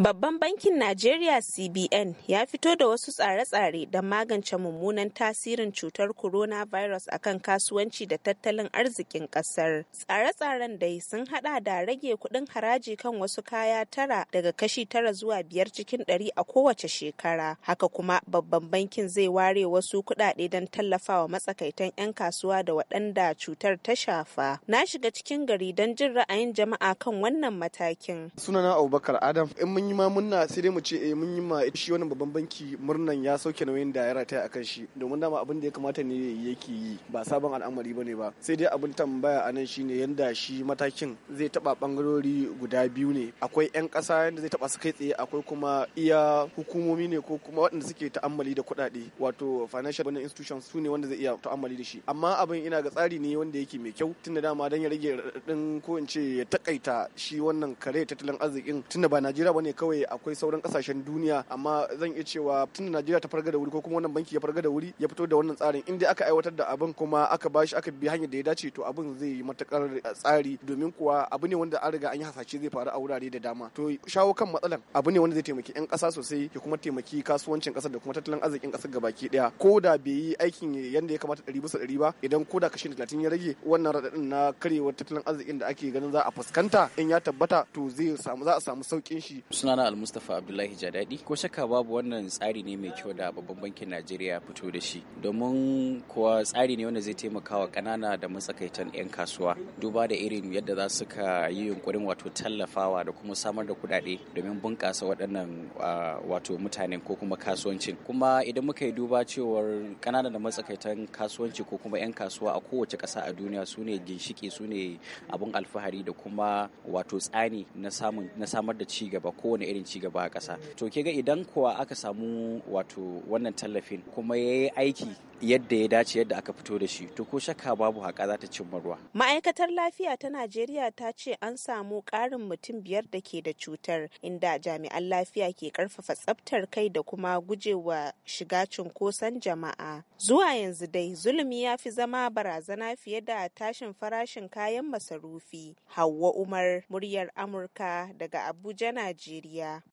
Babban bankin Najeriya CBN ya fito da wasu tsare-tsare don magance mummunan tasirin cutar coronavirus akan kasuwanci da tattalin arzikin ƙasar. Tsare-tsaren dai sun hada da rage kuɗin haraji kan wasu kaya tara daga kashi tara zuwa biyar cikin ɗari a kowace shekara. Haka kuma babban bankin zai ware wasu kuɗaɗe don tallafawa matsakaitan 'yan kasuwa da waɗanda cutar ta shafa. Na shiga cikin gari don jin ra'ayin jama'a kan wannan matakin. Sunana Abubakar Adam yi ma murna sai dai mu ce eh mun yi ma shi wannan babban banki murnan ya sauke nauyin da ya rataya akan shi domin dama abin da ya kamata ne yake yi ba sabon al'amari bane ba sai dai abin tambaya a anan shine yanda shi matakin zai taba bangarori guda biyu ne akwai yan kasa yanda zai taba su kai tsaye akwai kuma iya hukumomi ne ko kuma waɗanda suke ta'ammali da kuɗaɗe wato financial banking institutions su ne wanda zai iya ta'ammali da shi amma abin ina ga tsari ne wanda yake mai kyau tunda dama dan ya rage raɗaɗin ko in ce ya takaita shi wannan kare tattalin arzikin tunda ba Najeriya bane kawai akwai sauran kasashen duniya amma zan iya cewa tun da Najeriya ta farga da wuri ko kuma wannan banki ya farga da wuri ya fito da wannan tsarin inda aka aiwatar da abin kuma aka bashi aka bi hanyar da ya dace to abin zai yi matakar eh, tsari domin kuwa abu ne wanda an riga an yi hasashe zai faru a wurare da dama to shawo kan matsalan abu ne wanda zai taimaki yan kasa sosai ya kuma taimaki kasuwancin kasar da kuma tattalin arzikin kasar gabaki daya ko da bai yi aikin yanda ya kamata ɗari bisa ɗari ba idan ko da kashi talatin ya rage wannan raɗaɗin na karyewar tattalin arzikin da ake ganin za a fuskanta in ya tabbata to zai za a samu saukin shi sunana almustafa abdullahi jadadi ko shakka babu wannan tsari ne mai kyau da babban bankin najeriya fito da shi domin kuwa tsari ne wanda zai taimaka wa kanana da matsakaitan 'yan kasuwa duba da irin yadda za su ka yi yunkurin wato tallafawa da kuma samar da kudade domin bunkasa waɗannan wato mutanen ko kuma kasuwancin kuma idan muka yi duba cewar kanana da matsakaitan kasuwanci ko kuma 'yan kasuwa a kowace ƙasa a duniya su ne ginshiki su ne abin alfahari da kuma wato tsani na samar da ci gaba kowane kowane irin ci gaba a ƙasa to ke ga idan kuwa aka samu wato wannan tallafin kuma ya yi aiki yadda ya dace yadda aka fito da shi to ko shakka babu haƙa za ta cimma ruwa. Ma'aikatar lafiya ta Najeriya ta ce an samu ƙarin mutum biyar da ke da cutar inda jami'an lafiya ke ƙarfafa tsaftar kai da kuma gujewa shiga cunkoson jama'a. Zuwa yanzu dai zulumi ya fi zama barazana fiye da tashin farashin kayan masarufi. Hauwa Umar, muryar Amurka daga Abuja, Najeriya.